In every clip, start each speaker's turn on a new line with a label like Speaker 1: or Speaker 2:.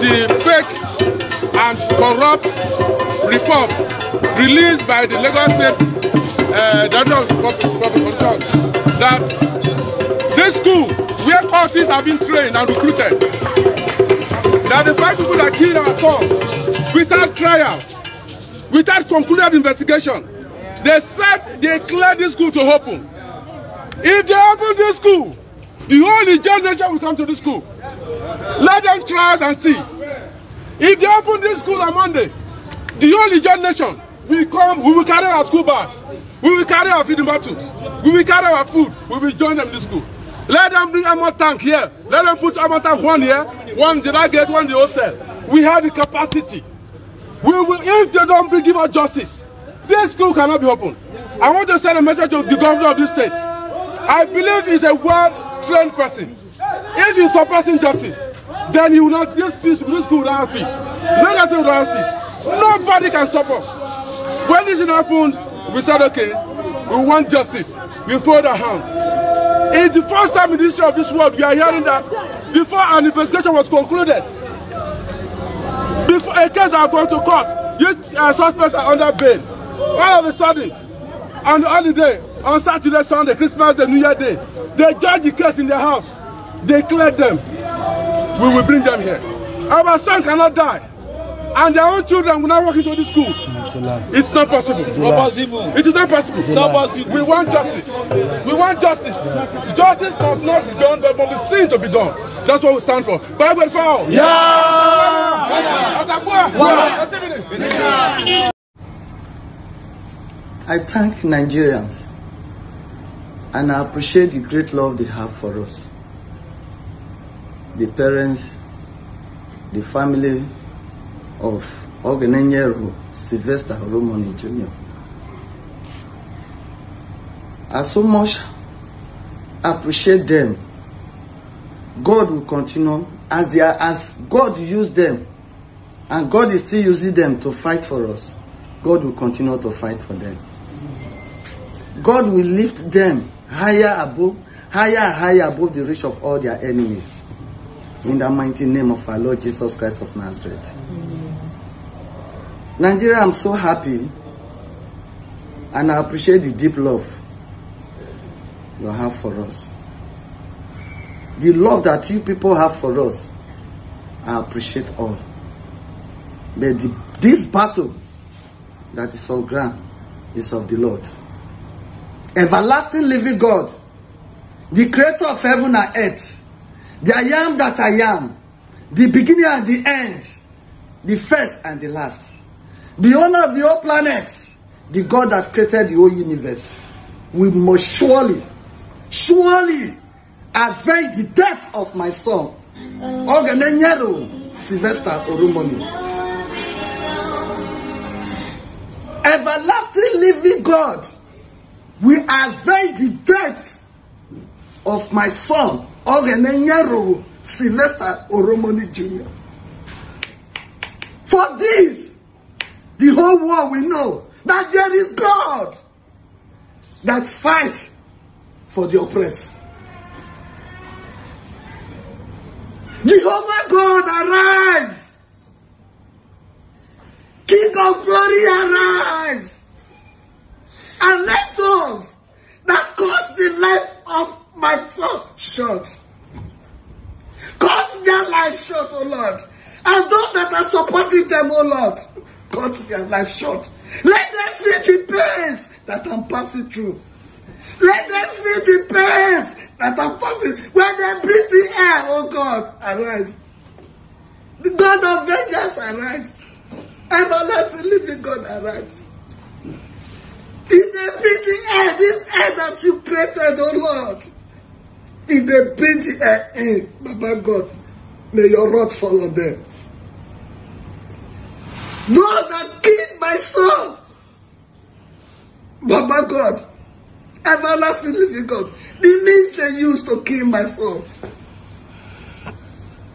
Speaker 1: the fake and corrupt report released by the Lagos State uh, Director Control that this school where cultists have been trained and recruited, that the five people that killed our son without trial, without concluded investigation, they said they cleared this school to open. If they open this school, the whole generation will come to this school. Let them try us and see. If they open this school on Monday, the whole generation will come, we will carry our school bags, we will carry our feeding bottles, we will carry our food, we will join them in the school. Let them bring armor tank here. Let them put armor tank one here, one did I get? one the hostel. We have the capacity. We will, if they don't give us justice, this school cannot be opened. I want to send a message to the governor of this state. I believe he's a well-trained person. If you're suppressing justice, then you will not, this, peace, this school will not have peace. Long as you don't have peace, nobody can stop us. When this happened, we said, okay, we want justice. We fold our hands. It's the first time in the history of this world we are hearing that before an investigation was concluded, before a case are going to court, these uh, suspects are under bail. All of a sudden, on the holiday, on Saturday, Sunday, Christmas Day, New Year Day, they judge the case in their house. They cleared them. We will bring them here. Our son cannot die. And their own children will not walk into this school. It's, not possible. It's not possible. It is not possible. It's not possible. We want justice. We want justice. Justice must not be done, but must be seen to be done. That's what we stand for. Bible for all. Yeah!
Speaker 2: I thank Nigerians and I appreciate the great love they have for us the parents, the family of Ogenenyero Sylvester Oromoni Jr. I so much appreciate them. God will continue as they are, as God used them and God is still using them to fight for us. God will continue to fight for them. God will lift them higher above, higher, higher above the reach of all their enemies in the mighty name of our Lord Jesus Christ of Nazareth. Nigeria, I'm so happy and I appreciate the deep love you have for us. The love that you people have for us, I appreciate all. But the, this battle that is on ground is of the Lord. Everlasting living God, the creator of heaven and earth, The I am that I am. The beginning and the end. The first and the last. The owner of the whole planet. The God that created the whole universe. We must surely, surely avenge the death of my son. Ogenenyero Sylvester Orumoni. Everlasting living God, we avenge the death of my son Orene Nyarowo Sylvester Oromoni Jr. For this, the whole world will know that there is God that fights for the oppressed. Jehovah God, arise! King of glory, arise! short. Cut their life short, oh Lord. And those that are supporting them, oh Lord, cut their life short. Let them feel the pains that I'm passing through. Let them feel the pains that I'm passing. When they breathe the air, oh God, arise. The God of vengeance, arise. Everlasting living God, arise. In they breathe the air, this air that you created, oh Lord, If they bring the air in, Baba God, may your rod follow them. Those that killed my soul, Baba God, everlasting living God, the means they used to kill my soul.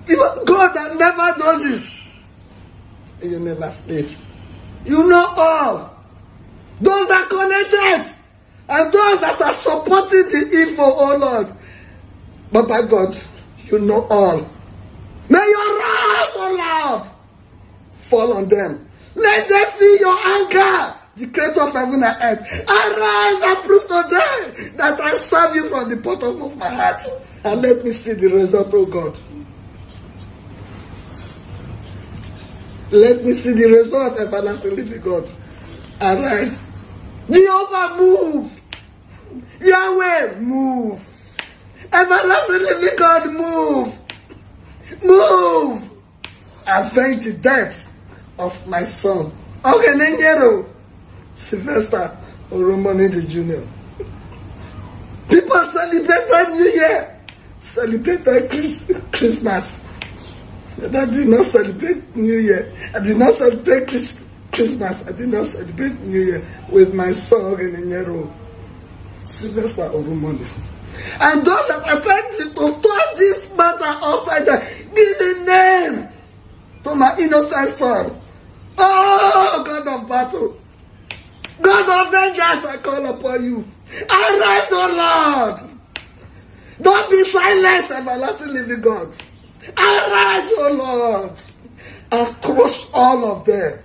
Speaker 2: Even God that never does this, and you never sleeps. You know all. Those that connected and those that are supporting the evil, oh Lord, But by God, you know all. May your wrath, O Lord, fall on them. Let them see your anger, the creator of heaven and earth. Arise and prove to them that I serve you from the bottom of my heart. And let me see the result, O God. Let me see the result, everlasting living God. Arise. Jehovah, move. Yahweh, move. Everlasting living God, move. Move. Avenge the death of my son. Okay, Nengero. Sylvester Oromonidi Jr. People celebrated New Year. Celebrated Chris Christmas. I did not celebrate New Year. I did not celebrate Chris Christmas. I did not celebrate New Year with my son Ogenenero. Sylvester Orumoni. And those that attempted to turn this matter outside, give the name to my innocent son. Oh, God of battle. God of vengeance, I call upon you. Arise, O Lord. Don't be silent, everlasting living God. Arise, O Lord, and crush all of them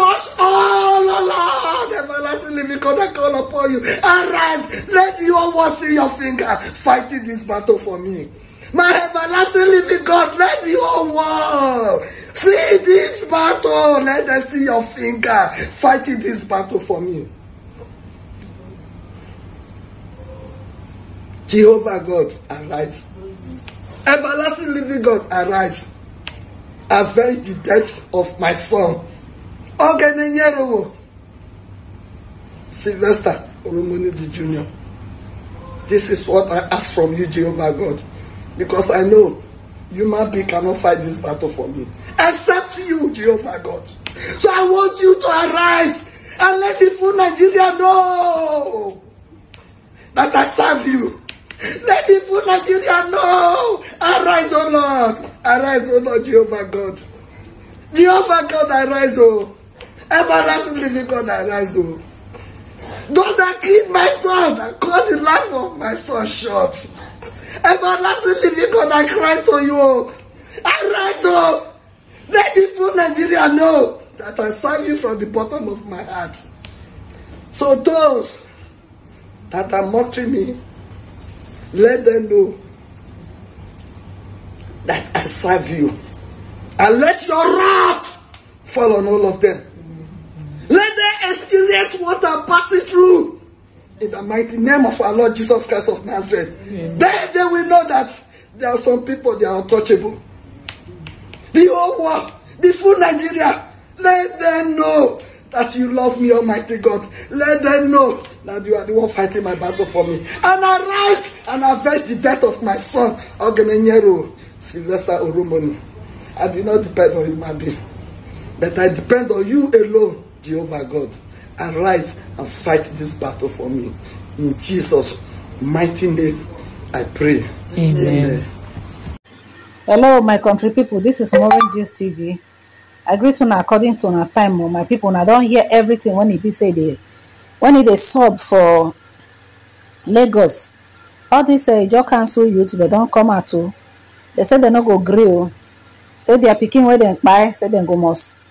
Speaker 2: wash all along. Everlasting living God, I call upon you. Arise, let your word in your finger fighting this battle for me. My everlasting living God, let your word see this battle. Let them see your finger fighting this battle for me. Jehovah God, arise. Everlasting living God, arise. Avenge the death of my son oge na-enyere Sylvester Oromoni Jr. This is what I ask from you, Jehovah God, because I know human being cannot fight this battle for me, except you, Jehovah God. So I want you to arise and let the full Nigeria know that I serve you. Let the full Nigeria know. Arise, O oh Lord. Arise, O oh Lord, Jehovah God. Jehovah God, arise, O. Oh everlasting living God arise o oh. those that killed my son that cut the life of my son short everlasting living God I cry to you o oh. arise o oh. let the full Nigeria know that I serve you from the bottom of my heart so those that are mocking me let them know that I serve you and let your wrath fall on all of them mysterious water passing through. In the mighty name of our Lord Jesus Christ of Nazareth. Then they will know that there are some people they are untouchable. The whole world, the full Nigeria, let them know that you love me, Almighty God. Let them know that you are the one fighting my battle for me. And arise and avenge the death of my son, Ogenenyero Sylvester Orumoni. I did not depend on human being, but I depend on you alone, Jehovah God arise and fight this battle for me. In Jesus' mighty name, I pray. Amen. Amen.
Speaker 3: Hello, my country people. This is Maureen Gist TV. I greet una according to our time, my people. Una don't hear everything when e be said dey when e dey sub for Lagos. All this uh, eh, Ijaw Council youth, they don't come at all. Oh. They say they no go grill. o. Oh. Say their pikin wey dem kpai, say they go must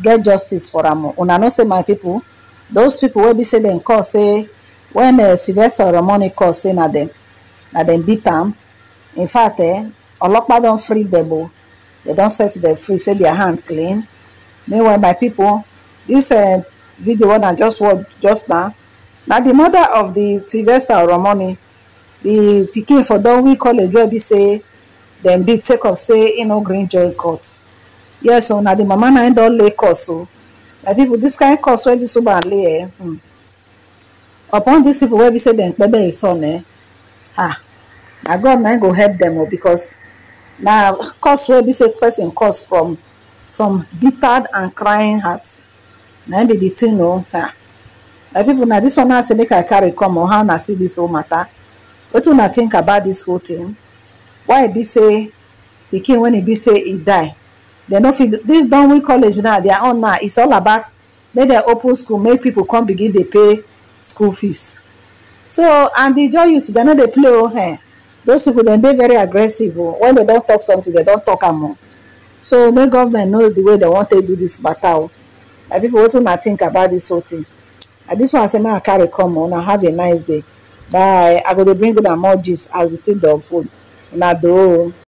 Speaker 3: get justice for am o. Oh. I know say my people, those people wey be say dem call say wen eh, sylvester oromoni call say na dem na dem beat am in fact eh, olopa don free dem o dem don set dem free say their hand clean meanwhile my pipo dis eh, video wey i just watch just now na the mother of the sylvester oromoni the pikin for donwe college wey be say dem beat sake of say e no gree join court yes o na the mama na im don lay court o my people this kind of course wey dis woman lay eh hmm. upon these people wey we say dem pebe his son eh ah na god man go help them o oh, because now curse wey be say person curse from from bitter and crying hearts. na be the two o oh, ah my people now this one na say make i carry come or how I see this whole matter What do una think about this whole thing why e be say king when he be say he die dem no fit dis donwin college now They are on now it's all about make dem open school make people come begin They pay school fees so and di joy youth dem no dey play oh here. Eh. those people dem dey very aggressive oh when they don't talk something they don't talk am oh so make government know the way they want to do this battle. oh my people wetin not think about this whole thing and dis one say man, i carry come on. una have a nice day bye i go dey bring una more gist as the thing don food. una do oh.